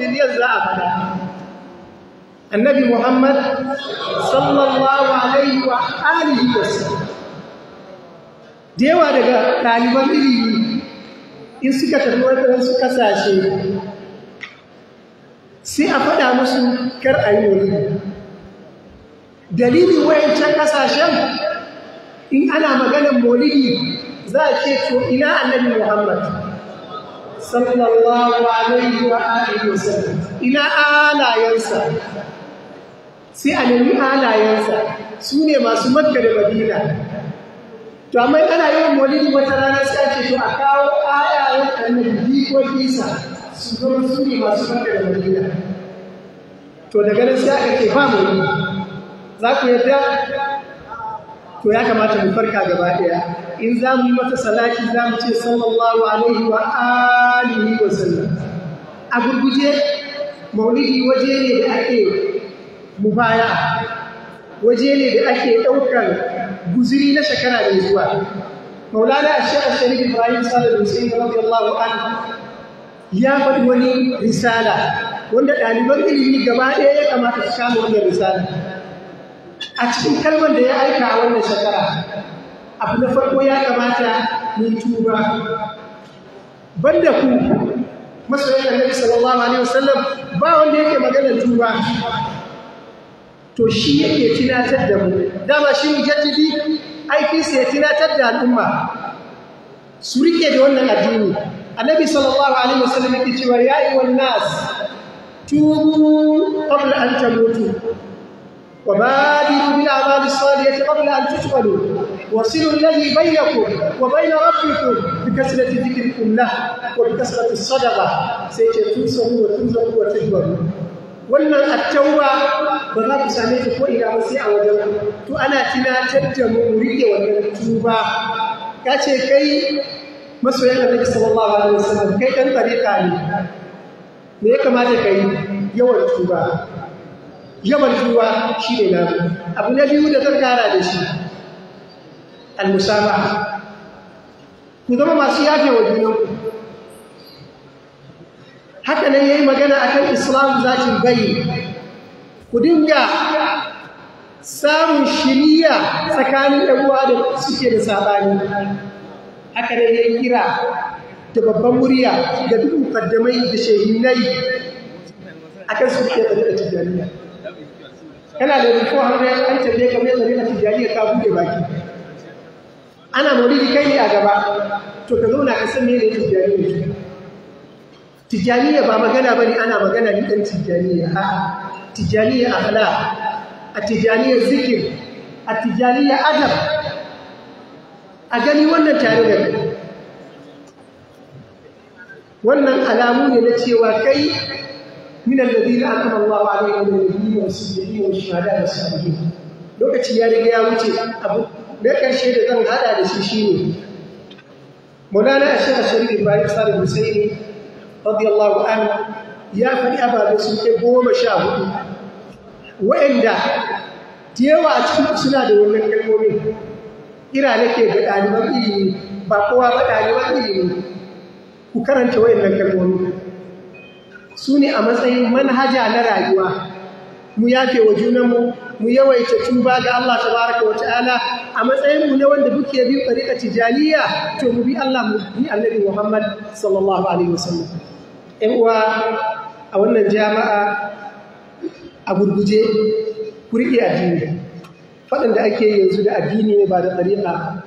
miliyan za a fada annabi muhammad sallallahu alaihi wa alihi wasallam da yawa daga ɗaliban ilimi in suka tafi waɗansu ƙasashe sai a faɗa musu kar a yi wani dalilin wayancan ƙasashen in ana maganar molidi za a ce to ina annabi muhammad sallallahu alaihi wa alihi wasallam ina alayansa sai a nemi alayansa su ne masu makka da madina to amma ana yawan maulidi wata rana sai ake to a kawo ayayen annabi ko isa su zama su ne masu makka da madina to daga nan sai aka ce ba maulidi za ku yarda to ya kamata mu farka gaba daya in za mu yi mata salati za mu ce sallallahu alaihi wa alihi wa sallam a gurguje maulidi waje ne da ake mubaya waje ne da ake daukar guzuri na shekara da zuwa maulana a sharif ibrahim wa sallam radiyallahu anhu ya faɗi wani risala wanda ɗaliban ilimi gaba ɗaya ya kamata su kama wannan risala a cikin kalmar da ya aika a wannan shekara abu na farko ya kamata mu tuba banda ku masoyan annabi sallallahu alaihi wasallam ba wanda yake magana tuba to shi yake tunatar da mu dama shi mujaddidi aikinsa ya tunatar da al'umma su rike da wannan addini annabi sallallahu alaihi wasallam yake cewa ya ayyuhan nas tubu qabla an tamutu وبادروا بالأعمال الصالحة قبل أن تشغلوا وصلوا الذي بينكم وبين ربكم بكثرة ذكركم له وبكثرة الصدقة سيتنصروا وتنصروا وتجبروا wannan attaura ba za ku same ta ko ina ba sai a wajen to ana tunatar da mu rike wannan tuba ka ce kai masoyan Annabi sallallahu alaihi wasallam kai dan tarika ne me ya kamata kai yawan tuba yawan ruwa shi ne namu abu na biyu da zan da shi al-musama ku zama masu yafe wa junanku haka nan ya yi magana a kan islam zakin bayi ku dinga samun shiriya tsakanin uwa da suke da saɓani haka nan ya yi kira da babban murya da duk mukaddamai da shehinai a kan su da da kana da rufo hannu an tafiye ka mai tsari a tijjaniya ka buɗe baki ana maulidi kai ne a gaba to ka zauna ka san mene tijjaniya tijjaniya ba magana ba ne ana magana ne dan tijjaniya a tijjaniya ahla a tijjaniya zikir a tijjaniya adab a gani wannan tare da wannan alamu ne na cewa kai من الذين أنعم الله عليهم من النبيين والصديقين والشهداء والصالحين lokaci ya riga ya wuce abu na ƙarshe da zan haɗa da shi shine Maulana Ashir Ashir Ibrahim Salim Hussein radiyallahu anhu ya faɗi ababe sun kai goma sha hudu wa'anda da yawa a cikin suna da wannan kalmomin ira nake ga ɗaliban ilimi ba kowa ba ɗaliban ilimi ku karanta wa'annan kalmomin su ne a matsayin manhaja na rayuwa mu yafe wa junanmu mu yawaita tuba ga Allah tabaraka wa ta'ala a matsayin mu na wanda muke bi tariqa tijaniya to mu bi Allah mu bi Annabi Muhammad sallallahu alaihi wasallam ɗan uwa a wannan jama'a a gurguje ku riƙe addini faɗin da ake yanzu da addini ne ba da tariqa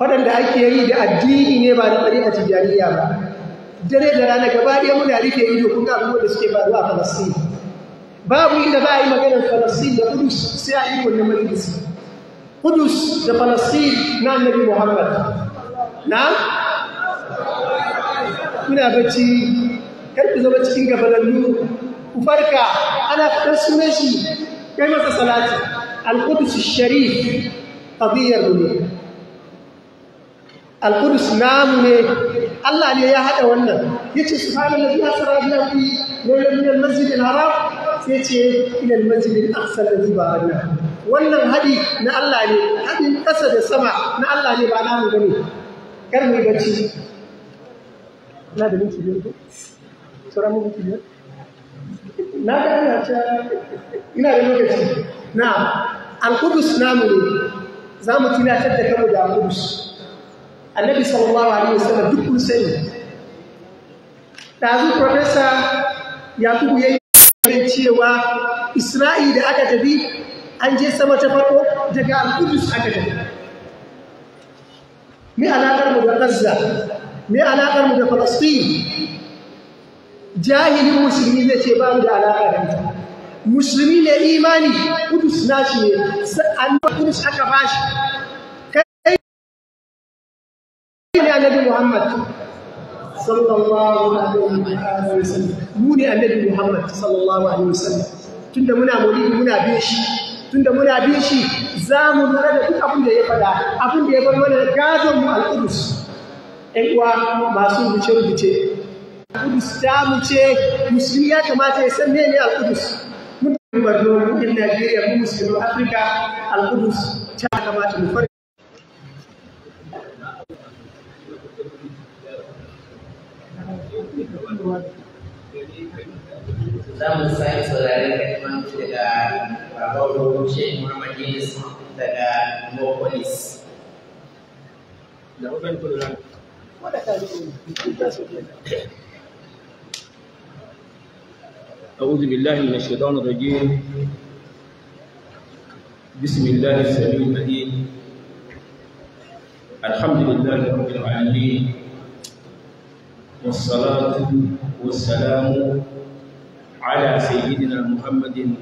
faɗin da ake yi da addini ne ba da tariqa tijaniya ba dare da rana gaba ɗaya muna rufe ido kun ga abubuwan da suke faruwa a Falastin babu inda ba a yi maganar Falastin da Kudus sai a yi wannan majalisi Kudus da Falastin na Annabi Muhammad na kuna bacci kar ku zama cikin gabanannu ku farka ana fitar sunan shi kai masa salati al-Qudus sharif qadiyar ne alƙudus namu ne Allah ne ya haɗa wannan ya ce su hannun lafi hasara biya fi lailan minan masjidin haram sai ce ilal masjidin aksar da zuba wannan haɗi na Allah ne haɗin ƙasa da sama na Allah ne ba namu gani kar mu bacci na da minti biyar ko sauran mu minti biyar na ga ina ta ina da lokaci na alƙudus namu ne za mu tunatar da kanmu da alƙudus annabi sallallahu alaihi wasallam duk kun sani dazu professor yakubu yayi cewa isra'i da aka tafi an je sama ta farko daga al-qudus aka tafi me alaƙar mu da gaza me alaƙar mu da falastin jahilin musulmi ne ce ba mu da alaƙa da ita musulmi ne imani kudus shi ne annabi kudus aka bashi ne annabi Muhammad sallallahu alaihi wa sallam mu ne annabi Muhammad sallallahu alaihi wa sallam tunda muna maulidi muna bin shi tunda muna bin shi za lura da duk abin da ya faɗa abin da ya bar mana gadon mu al-Qudus ɗan uwa masu rubuce rubuce Al-Qudus ta mu ce musulmi ya kamata ya san mene Al-Qudus mun bar mu in Najeriya mu musulmi Afirka Al-Qudus ta kamata mu farka za mu sake saurare kalimanci daga babban shehu muhammad yunus daga mokolis da hukun kuduran أعوذ بالله من الشيطان الرجيم بسم الله السميع العليم الحمد لله رب العالمين والصلاة والسلام على سيدنا محمد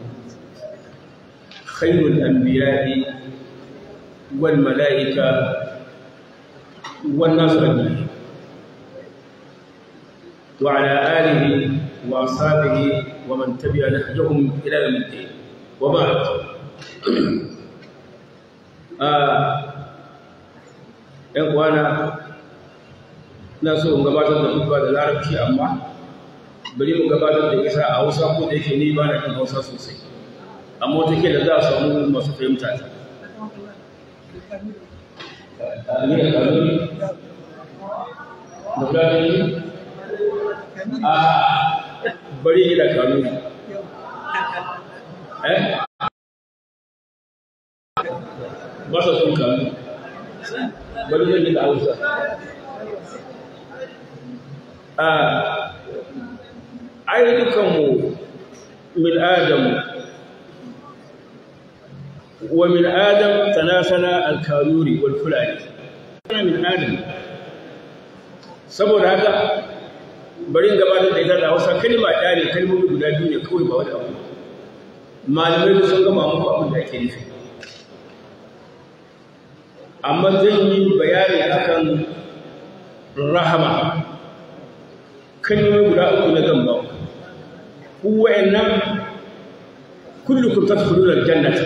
خير الأنبياء والملائكة والناس وعلى آله وأصحابه ومن تبع نهجهم إلى يوم الدين وبعد آه إخوانا ina so in gabatar da hudba da larabci amma bari mu gabatar da isa a hausa ko da yake ni ba na kan hausa sosai amma wata ke da za a samu masu fahimta ta a bari yi da kanuni eh? ba sa sun kanuni bari yi da hausa ayyukanmu dukanmu min adam wa min adam tanasana alkaluri wal fulani min adam saboda haka bari gabatar da ita da wasa kalma ɗaya ne kalmomi guda biyu ne kawai ba wani abu malamai da sun gama muku abin da ake nufi amma zan yi bayani akan rahama kalmomi guda uku na zan ba ku wa'annan kullukum tadkhuluna al-jannata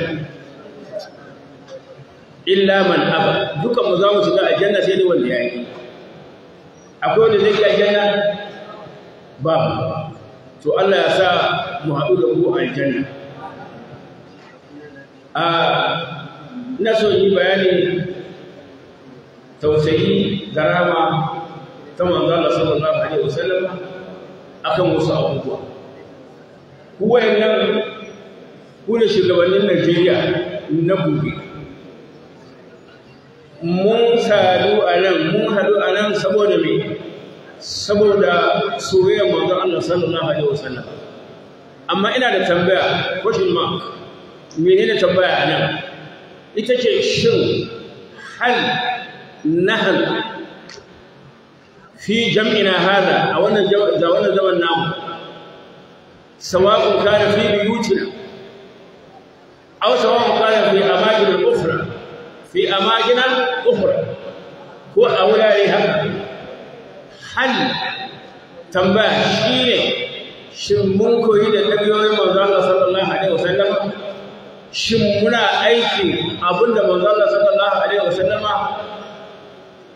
illa man aba dukan mu za mu shiga janna sai ne wanda ya yi. akwai wanda zai a aljanna ba to Allah ya sa mu haɗu da ku aljanna a na so yi bayani tausayi da ta manzo Allah sallallahu alaihi wasallam akan wasu abubuwa ku wayannan ku ne shugabannin Najeriya na gobe mun sadu a nan mun haɗu a nan saboda me saboda soyayyar manzo Allah sallallahu alaihi wasallam amma ina da tambaya question mark menene tambaya a nan ita ce shin hal nahal fi jam'ina hada a wannan da wannan zaman namu sawa'un kana fi buyutina aw sawa'un kana fi amakin ukhra fi amakin ukhra ko a wurare haka hal tambaya shine shin mun koyi da dabiyoyin manzon Allah sallallahu alaihi wasallam shin muna aiki abinda manzon Allah sallallahu alaihi wasallama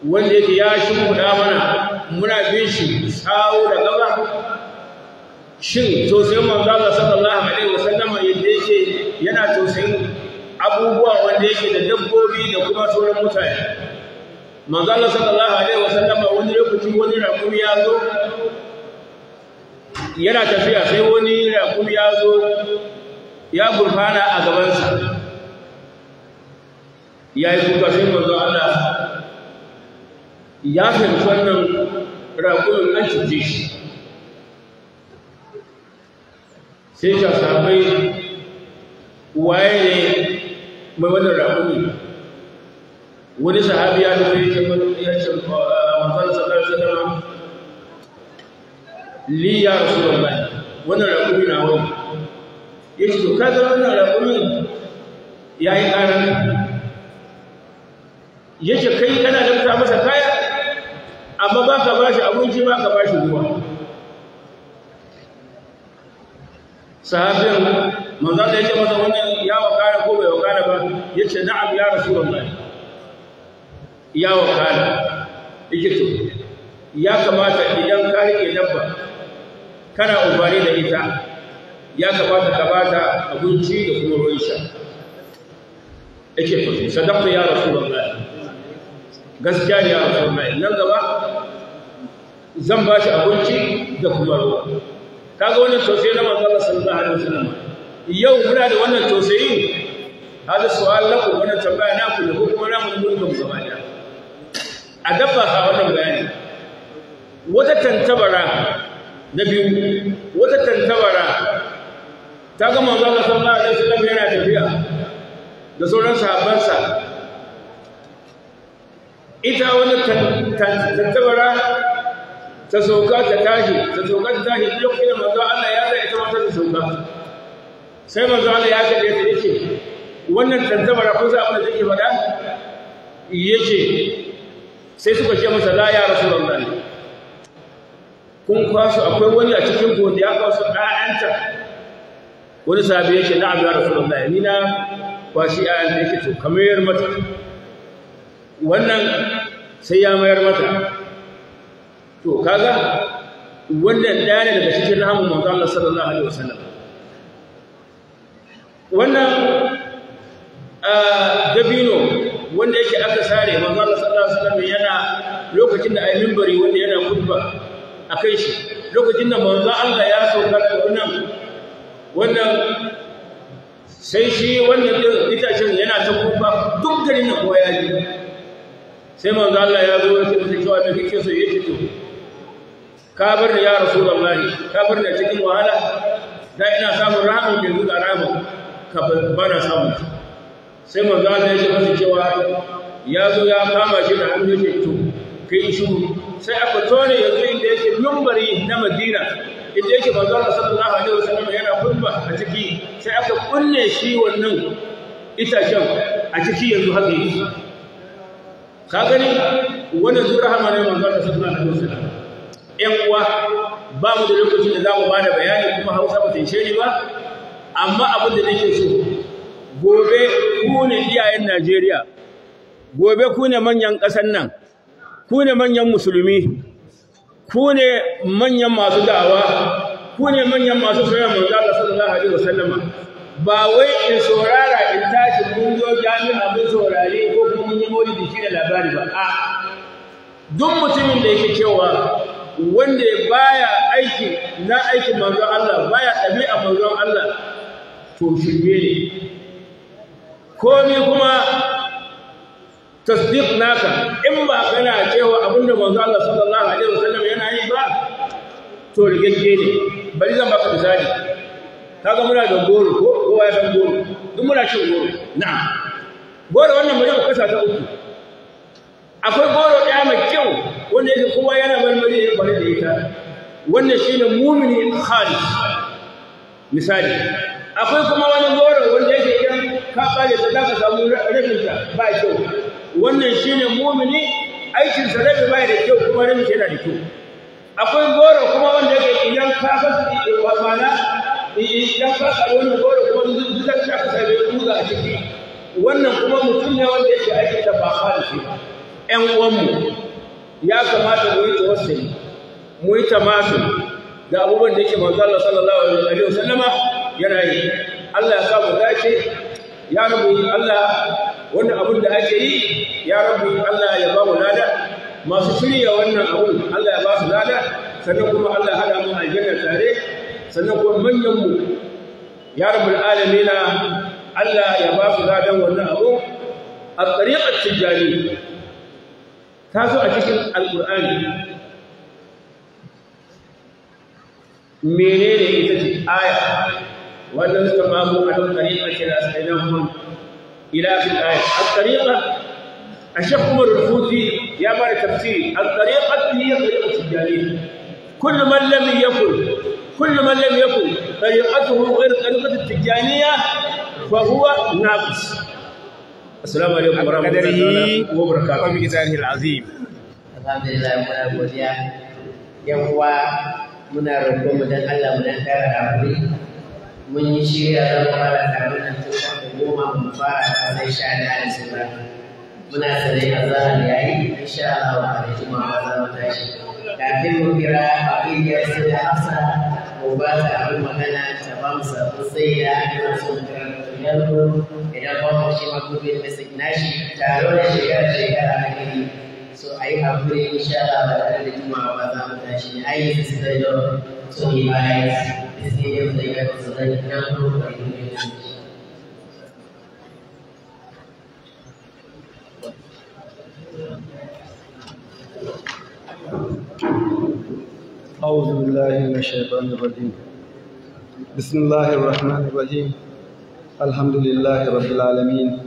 wanda yake ya da mana muna bin shi tsawo da gaba shin sai manzo Allah sallallahu alaihi wasallam yadda yake yana tausayin abubuwa wanda yake da dabbobi da kuma sauran mutane manzo Allah sallallahu alaihi wasallam wani lokaci wani rakum ya zo yana tafiya sai wani rakum ya zo ya gurfana a gaban ya yi kuka sai manzo Allah ya fahimci wannan raƙumin an cuce shi sai ta sami waye ne mai wannan raƙumi wani sahabi ya nufi ya ce ah, manzon sallallahu alaihi wasallam li ya rasulullahi wannan raƙumi na wani ya ce to ka ga wannan raƙumin ya yi ƙarar ya ce kai kana da masa kaya amma ba ka ba shi abinci ba ka ba shi ruwa sahabin manzo da yake masa wannan ya wakana ko bai wakana ba yace na'am ya rasulullahi ya wakana yake to ya kamata idan ka rike dabba kana amfani da ita ya kamata ka bata abinci da kuma ruwan sha yake to sadaqa ya rasulullahi gaskiya ne ya rasulullahi nan gaba zan ba shi abinci da kuma ruwa kaga wannan tausayi na manzo Allah sallallahu alaihi wasallam yau muna da wannan tausayi hada su'al lakum wannan tambaya na ku da kuma na mun ga gaba da a dabba ha wannan bayani wata tantabara na biyu wata tantabara ta ga manzo Allah sallallahu alaihi wasallam yana tafiya da sauran sahabbansa ita wannan tantabara ta sauka ta tashi ta sauka ta tashi duk lokacin manzo Allah ya zai ita wata ta sauka sai manzo Allah ya kalle ta yake. wannan tantabara kun san abin da take faɗa yace sai suka ce masa la ya rasulullah kun kwasu akwai wani a cikin ku wanda ya kwasu ɗayanta wani sahabi yace na'am ya rasulullah ni na kwashi ɗayan da yake to kamar mata wannan sai ya mayar mata to kaga wannan dare daga cikin rahamun manzo Allah sallallahu alaihi wasallam wannan dabino wanda yake aka sare manzo Allah sallallahu alaihi wasallam yana lokacin da ayi minbari wanda yana khutba akai shi lokacin da manzo Allah ya sauka da wannan wannan sai shi wannan itacen yana ta kufa duk garin na ya ji sai manzo Allah ya zo ya ce cewa me kike so yake to ka da ya rasulullahi ka bar da cikin wahala da ina samun ramin yanzu da ramin ka bana samun sai manzo Allah ya ce cewa ya zo ya kama shi da hannu ne to kai shi sai aka tone yanzu inda yake lumbari na Madina inda yake manzo Allah sallallahu alaihi wasallam yana kulba a ciki sai aka kunne shi wannan itacen a ciki yanzu haka yake ka gani wannan zurahama ne manzo Allah sallallahu alaihi wasallam ‘yan uwa ba mu da lokacin da za mu ba da bayani kuma hausa ba ta shiri ba amma abin da nake so gobe ku ne iyayen najeriya gobe ku ne manyan ƙasar nan ku ne manyan musulmi ku ne manyan masu dawa, ku ne manyan masu soyayya manzo Allah sallallahu alaihi sallama. ba wai in saurara in tashi mun zo jami'a mun saurare ko kuma mun yi maulidi shi da labari ba a duk mutumin da yake cewa wanda baya aiki na aikin manzon Allah baya ɗabi'a manzon Allah to shirye ne komai kuma tasdiq naka in ba kana cewa abinda manzon Allah sallallahu alaihi wasallam yana yi ba to rigegge ne bari zan baka misali kaga muna da goro ko kowa ya san goro duk muna cin goro na'am goro wannan bari kasa ta uku akwai goro ɗaya mai kyau wanda yake kowa yana marmari ya kwale da ita wannan shi ne mumini khali misali akwai kuma wani goro wanda yake idan ka da ta zaka samu rafinta ba kyau wannan shi ne mumini aikin sa rabi ba da kyau kuma rabin yana da kyau akwai goro kuma wanda yake idan ka fasa mana idan ka tsaro wani goro kuma shafi ka sabe kuza a ciki wannan kuma mutum ne wanda yake aikin da ba khali ba ‘yan uwanmu ya kamata mu yi ta tawassuli mu yi ta masu. da abubuwan da yake manzo Allah sallallahu alaihi wasallam yana yi Allah ya sa mu dace ya rabu Allah wannan abin da ake yi ya rabu Allah ya ba mu lada masu shirya wannan abun Allah ya ba su lada sannan kuma Allah ya hada mu aljanna tare sannan kuma manyanmu ya rabu alamina Allah ya ba su lada wannan abu a cikin jari. تازو أشكل القرآن منين يتجي آية وأن نسك ما على الطريقة إلى سيدهم إلى في الآية الطريقة الشيخ عمر الفوزي يا مار تفسير الطريقة هي طريقة الجليل كل من لم يكن كل من لم يكن طريقته غير طريقة التجانية فهو ناقص assalamu alaikum wa rahmatullahi wa barakatuh wa bikitanil azim alhamdulillah muna godiya yan uwa muna roƙo mu dan Allah mu dan kara hakuri mun yi shirya zan fara taron nan tun da goma mu fara sai sha da alisira muna sane a zahar yayi insha Allah wa juma'a za mu tashi kafin mu kira abiyar da mu ba ta abin magana ta bamu mu sabon idan babu shi ma gobe da sai na shi taro da shekara shekara a gani so a yi hakuri insha Allah ba tare da jimawa ba za mu tashi ne ai su da yau so ni ba ya yi sai yau da ya su da na ko ba yi ne أعوذ بالله من الشيطان الرجيم بسم الله الرحمن الرحيم الحمد لله رب العالمين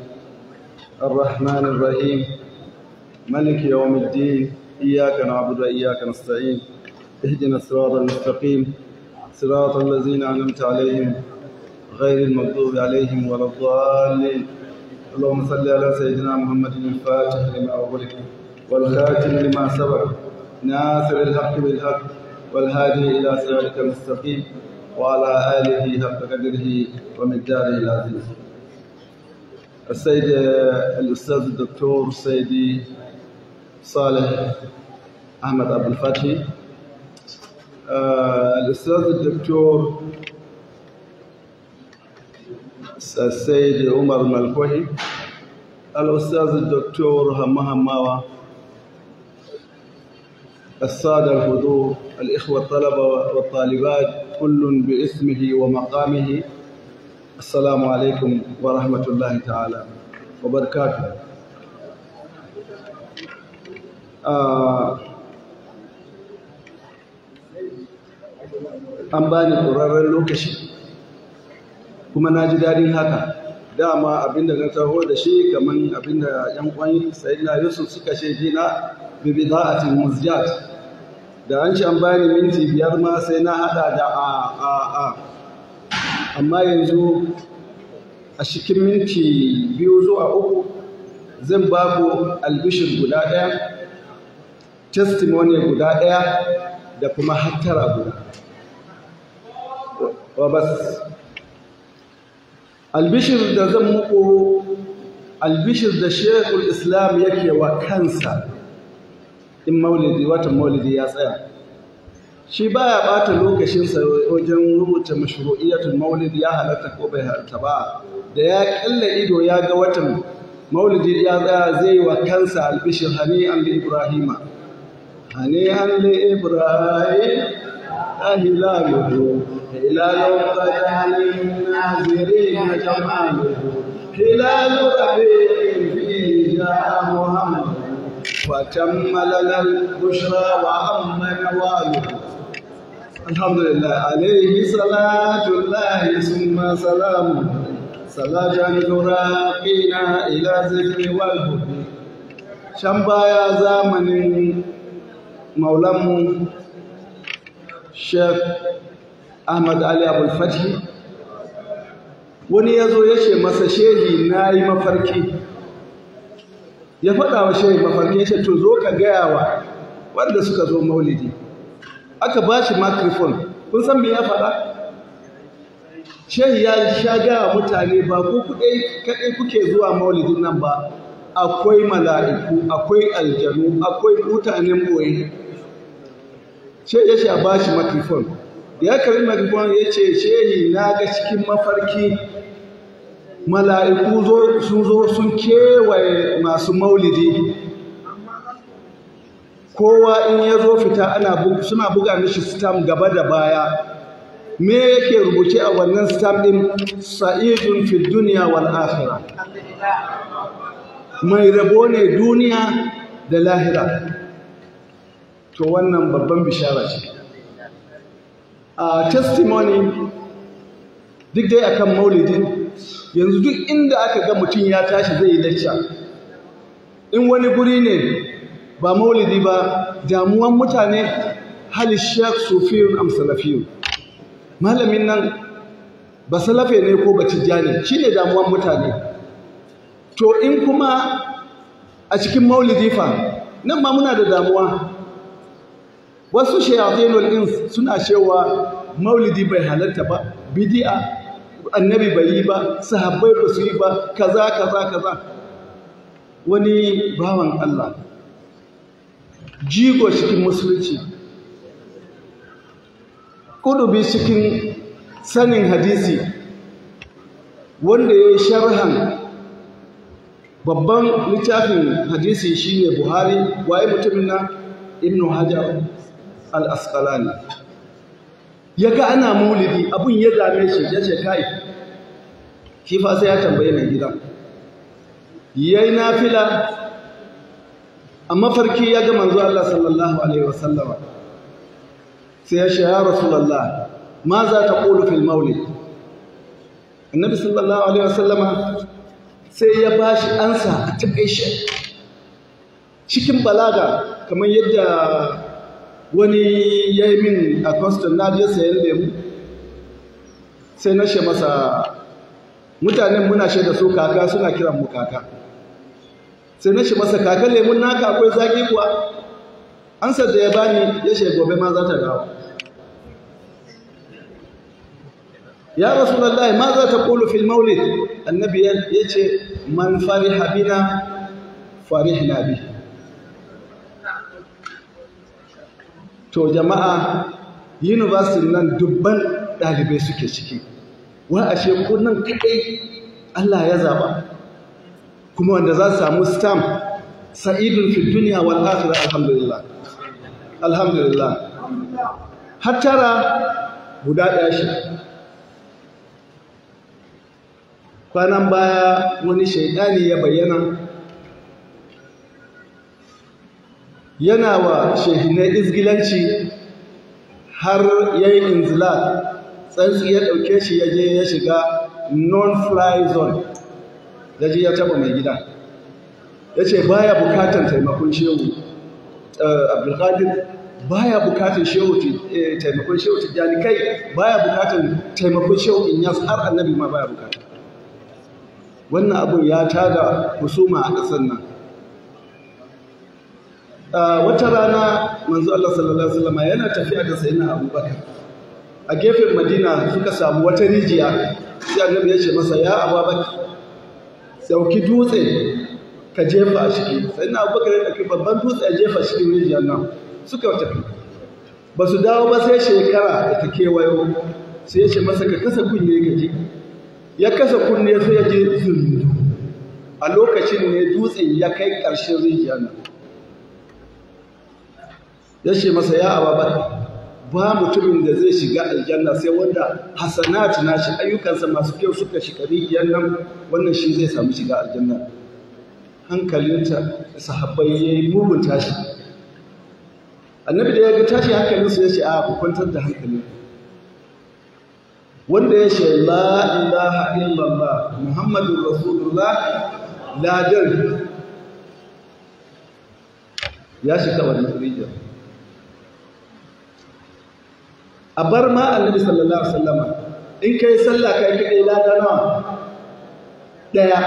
الرحمن الرحيم ملك يوم الدين إياك نعبد وإياك نستعين اهدنا الصراط المستقيم صراط الذين أنعمت عليهم غير المغضوب عليهم ولا الضالين اللهم صل على سيدنا محمد الفاتح لما أغلق والخاتم لما سبق ناصر الحق بالحق والهادي إلى صراطك المستقيم وعلى آله حق قدره ومقداره العزيز السيد الأستاذ الدكتور سيدي صالح أحمد أبو الفتحي آه، الأستاذ الدكتور السيد عمر ملكوهي الأستاذ الدكتور همها ماوى السادة الحضور الإخوة الطلبة والطالبات كل باسمه ومقامه السلام عليكم ورحمة الله تعالى وبركاته an bani ƙurarren lokaci kuma na ji daɗin haka dama abinda na taho da shi kamar abinda yan ƙwan sayi na yusuf suka shaidi na bibida'atin muzjat da an ci an bani minti biyar ma sai na haɗa da a a a amma yanzu a cikin minti biyu zuwa uku zan ba ku albishir guda ɗaya testimony guda ɗaya da kuma hattara guda wa bas albishir da zan muku albishir da shekul islam yake wa kansa in maulidi watan maulidi ya tsaya shi ba baya bata lokacinsa wajen rubuta mashru'iyatul maulidi ya halatta ko bai halatta ba da ya kalla ido ya ga watan maulidi ya tsaya zai yi wa kansa albishir hani an li ibrahima hani an li ibrahim ahilaluhu hilalu qajalin nazirin jam'aluhu hilalu rabi'in fi ja'a muhammad فتم لنا البشرى وأما الوالد الحمد لله عليه صلاة الله ثم سلام صلاة تراقينا إلى ذكر والهدى can baya zamanin maulanmu sheikh ahmad ali abulfathi wani ya zo ya ce masa shehi na yi mafarki ya faɗa wa shehu mafarkin shi to zo ka gaya wa wanda suka zo maulidi aka ba shi microphone kun san me ya faɗa shehu ya sha gaya mutane ba ku kaɗai kuke zuwa maulidin nan ba akwai mala'iku akwai aljanu akwai mutanen boye shehu ya sha ba shi microphone ya karbi microphone ya ce shehu na ga cikin mafarki mala'iku sun zo sun kewaye masu maulidi kowa in ya zo fita ana suna buga mishi stam gaba da baya me yake rubuce a wannan stam ɗin sa'idun fil duniya wal mai rabo ne duniya da lahira to wannan babban bishara ce a testimony duk dai akan maulidin yanzu duk inda aka ga mutum ya tashi zai yi lacca in wani guri ne ba maulidi ba damuwan mutane hal shek sufiyun am salafiyun malamin nan ba salafe ne ko ba Shi ne damuwan mutane to in kuma a cikin maulidi fa nan ma muna da damuwa wasu shayatinul ins suna cewa maulidi bai halatta ba bidi'a annabi bai yi ba sahabbai ba su yi ba kaza kaza kaza wani bawan Allah jigo cikin musulunci kudubi cikin sanin hadisi wanda ya yi sharhan babban littafin hadisi shine buhari waye mutumin na ibnu hajar al askalani ya ga ana maulidi abun ya dame shi ya ce kai shi fa sai ya tambaye mai gidan yayi nafila amma farki ya ga manzo Allah sallallahu alaihi wasallama sai ya ce ya rasulullah ma za ta qulu fil maulid annabi sallallahu alaihi wasallama sai ya bashi ansa a takaice cikin balaga kamar yadda wani ya yi min a kwastan na je sayan lemu sai na she masa mutanen muna she da su kaka suna kiran mu kaka sai na she masa kaka lemun naka akwai zaki kuwa an da ya bani ya she gobe ma za ta dawo ya rasulullahi ma za ta kulu fil maulid annabi ya ce man fariha bina farihna to jama'a university nan dubban ɗalibai suke ciki wa ashe nan kaɗai Allah ya zaba kuma wanda za su samu stamp sa'idun fi duniya wal akhirah alhamdulillah alhamdulillah har tara guda ɗaya shi kwanan baya wani shaidani ya bayyana yana wa shehinai izgilanci har ya yi inzila tsantsi ya ɗauke shi ya je ya shiga non-fly zone ya je ya taɓa mai gida ya ce baya bukatan taimakon shehu eh, abdulkadir baya bukatan shehu eh, taimakon shehu jalikai kai baya bukatan taimakon shehu in yas har annabi ma baya bukatan wannan abun ya taga husuma a ƙasar nan Ah, wata rana manzo Allah sallallahu alaihi wasallam yana tafiya da sayyidina Abubakar a gefen Madina suka samu wata rijiya sai annabi ya ce masa ya Abubakar sauki dutse ka jefa a ciki sayyidina Abubakar ya dauki babban dutse ya jefa cikin rijiyar nan suka tafi ba su dawo ba sai shekara da ta kewayo sai ya ce masa ka kasa kunne ka ji ya kasa kunne sai ya je zundu a lokacin ne dutse ya kai ƙarshen rijiyar nan ya ce masa ya ababakar ba mutumin da zai shiga aljanna sai wanda hasanat shi ayyukansa masu kyau suka shiga rijiyar nan wannan shi zai samu shiga aljanna hankalinta sahabbai ya yi mugun tashi annabi da ya ga tashi hankalinsu ya ce a ku kwantar da hankalin wanda ya ce la ilaha illallah Muhammadu rasulullah ladan ya shiga wannan rijiyar a bar ma annabi sallallahu alaihi wasallama in kai sallah kai kai lada nawa daya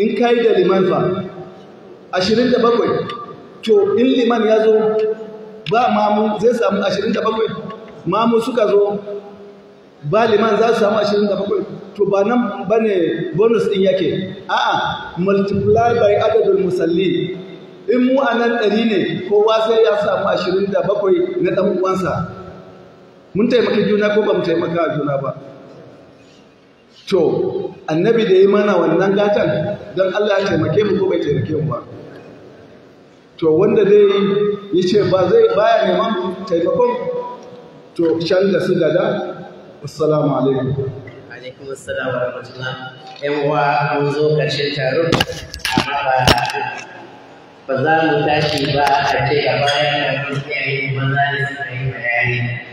in kai da liman fa 27 to in liman ya zo ba mamu zai samu 27 mamu suka zo ba liman za su samu 27 to ba nan ba ne bonus din yake a'a multiply by adadul musalli in mu ɗari ne kowa sai ya samu 27 na ɗan uwansa mun taimaka juna ko ba mu taimaka juna ba to annabi da yi mana wannan gatan don Allah ya taimake mu ko bai taimake mu ba to wanda dai ya ce ba zai baya neman taimakon to shan da su dada assalamu alaikum alaikum assalam wa rahmatullah yan uwa an zo karshen taron amma ba za mu tashi ba a ce a bayan da mun iyaye za ne suna yi bayani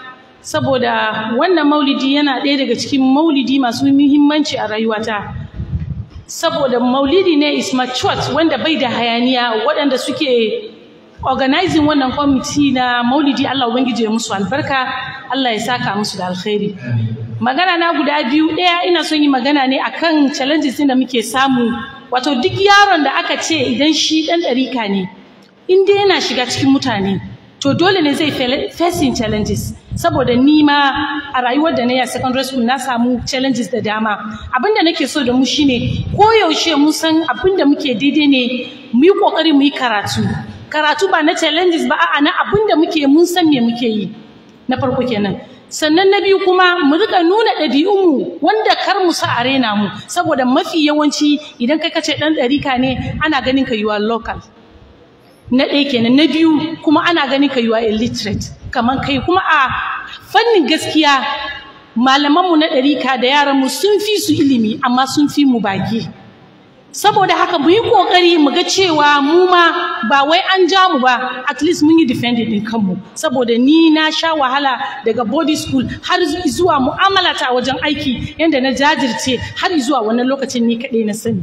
saboda wannan maulidi yana ɗaya daga cikin maulidi masu muhimmanci a rayuwata saboda maulidi ne is matured wanda bai da hayaniya waɗanda suke organizing wannan kwamiti na maulidi Allah ubangiji ya musu albarka Allah ya saka musu da alkhairi magana na guda biyu ɗaya ina son yi magana ne akan challenges da muke samu wato duk yaron da aka ce idan shi ɗan ɗarika ne in dai yana shiga cikin mutane to dole ne zai facing challenges saboda ni ma a rayuwar da na yi a secondary school na samu challenges da dama abin da nake so da mu shine ko yaushe mun san abin da muke daidai ne mu yi kokari mu yi karatu karatu ba na challenges ba a'a na abin muke mun san me muke yi na farko kenan sannan na biyu kuma mu rika nuna ɗabi'un mu wanda kar mu sa arena mu saboda mafi yawanci idan kai kace ɗan ɗarika ne ana ganin ka yiwa local na ɗaya kenan na biyu kuma ana ganin ka yiwa illiterate kamar kai kuma a fannin gaskiya malamanmu na ɗarika da yaranmu sun fi su ilimi amma sun fi mu baki saboda haka mu yi kokari mu ga cewa mu ma ba wai an ja mu ba at least mun yi defending din kanmu saboda ni na sha wahala daga body school har zuwa mu'amala ta wajen aiki yadda na jajirce har zuwa wannan lokacin ni kaɗai na sani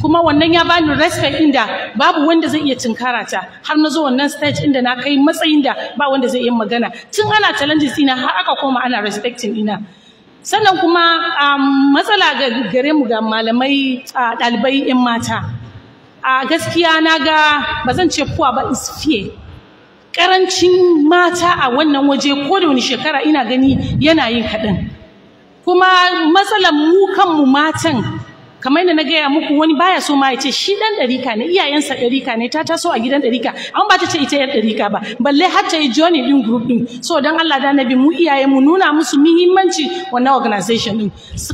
kuma wannan ya bani respect inda babu wanda zai iya tunkara ta har na zo wannan stage inda na kai matsayin da ba wanda zai iya magana tun ana challenges ina har aka koma ana respecting ina sannan kuma a um, matsala ga gare mu ga malamai a ɗalibai in mata a gaskiya na ga ba zan ce kuwa ba isfiye ƙarancin mata a wannan waje ko da wani shekara ina gani yana yin kaɗan kuma matsalar mu kanmu matan kamar yadda na gaya muku wani baya so ma ya ce shi dan ɗarika ne iyayensa ɗarika ne ta taso a gidan ɗarika an ba ta ce ita yar ɗarika ba balle har ta yi joni din group din so don Allah da nabi mu iyaye mu nuna musu muhimmanci wannan organization din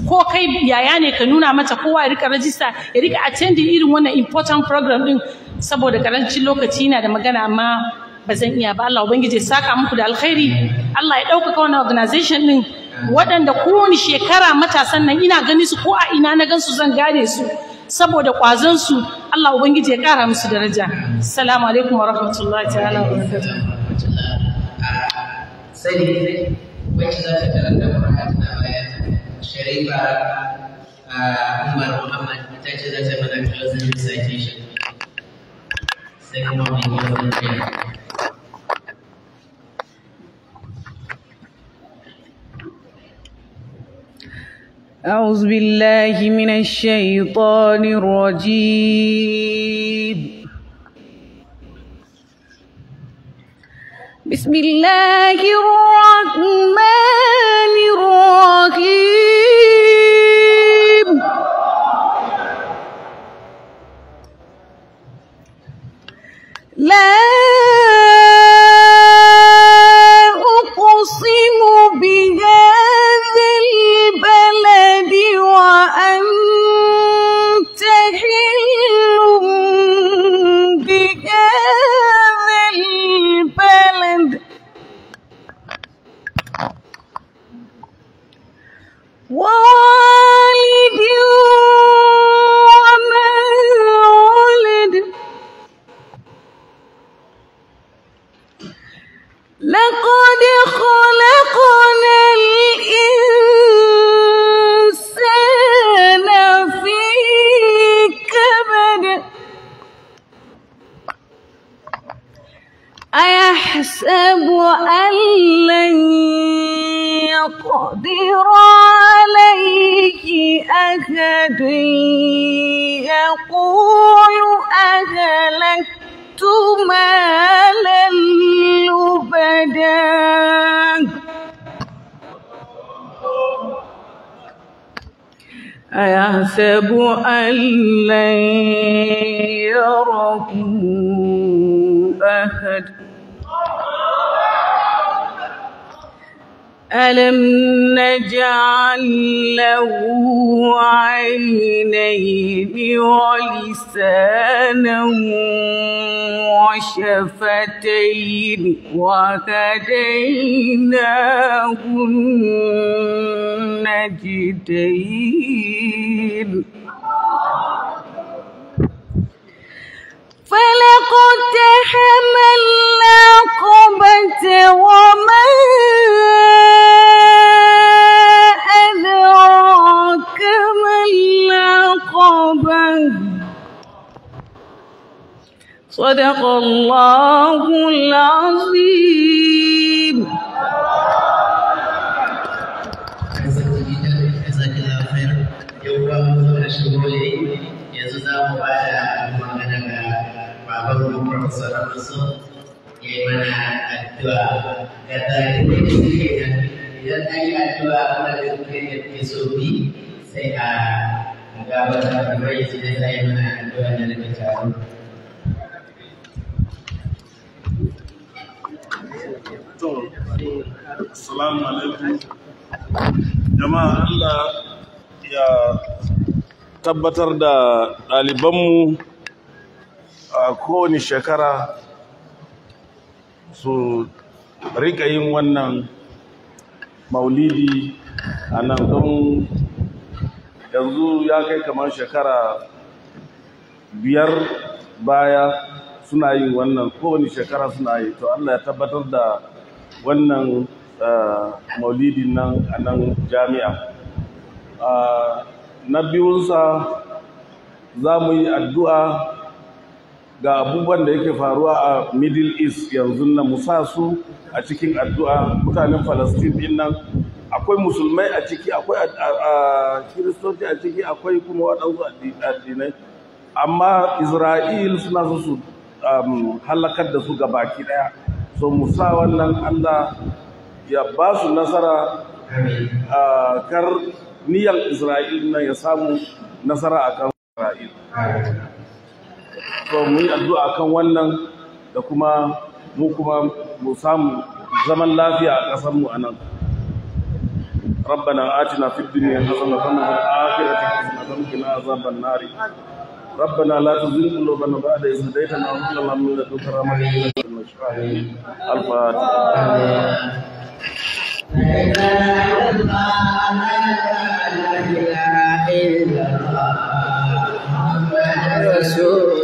ko kai yaya ne ka nuna mata kowa ya rika rajista ya rika attending irin wannan important program din saboda karancin lokaci na da magana amma ba zan iya ba Allah ubangiji saka muku da alkhairi Allah ya ɗaukaka wannan organization din waɗanda kowane shekara matasan nan ina gani su ko a ina na gan su zan gane su saboda ƙwazon su Allah ubangiji ya ƙara musu daraja assalamu alaikum wa rahmatullahi ta'ala wa barakatuh sai wacce za ta karanta Qur'ani na bayan Sharifa Umar Muhammad ita ce za ta mana closing recitation sai kuma mai yi wannan أعوذ بالله من الشيطان الرجيم بسم الله الرحمن الرحيم لا أقسم بهذا 我爱。يره أحد ألم نجعل له عينين ولسانا وشفتين وهديناه النجدين العقبة وما أدراك العقبة صدق الله العظيم Bapak Profesor Masuk, yang mana dua kata itu dan ayat dua mulai dari Yesufi saya enggak benar baik jadi saya mana dua dari bicara Assalamu alaikum jama'a Allah ya tabbatar da ɗalibanmu a kowane shekara su rika yin wannan maulidi a nan don yanzu ya kai kamar shekara biyar baya suna yin wannan kowane shekara suna yi to allah ya tabbatar da wannan maulidin nan a nan jami'a na biyunsa za mu yi addu'a ga abubuwan da yake faruwa a middle east yanzu na musa su a cikin addu'a mutanen palestine din nan akwai musulmai a ciki akwai kiristoci a ciki akwai kuma waɗansu addinai amma isra'il suna so su um, halakar da su ga baki ɗaya so musa wannan allah ya ba su nasara kar niyan isra'il nan ya samu nasara a kan isra'il so mu yi addu’a kan wannan da kuma mu kuma mu samu zaman lafiya a ƙasarmu a nan rabbana ati na fiddin ya zama na sanar da afirar da kuma zamkin na zaben nari ربنا لا تزغ قلوبنا بعد إذ هديتنا وهب لنا من لدنك رحمة إنك أنت الوهاب الفاتحة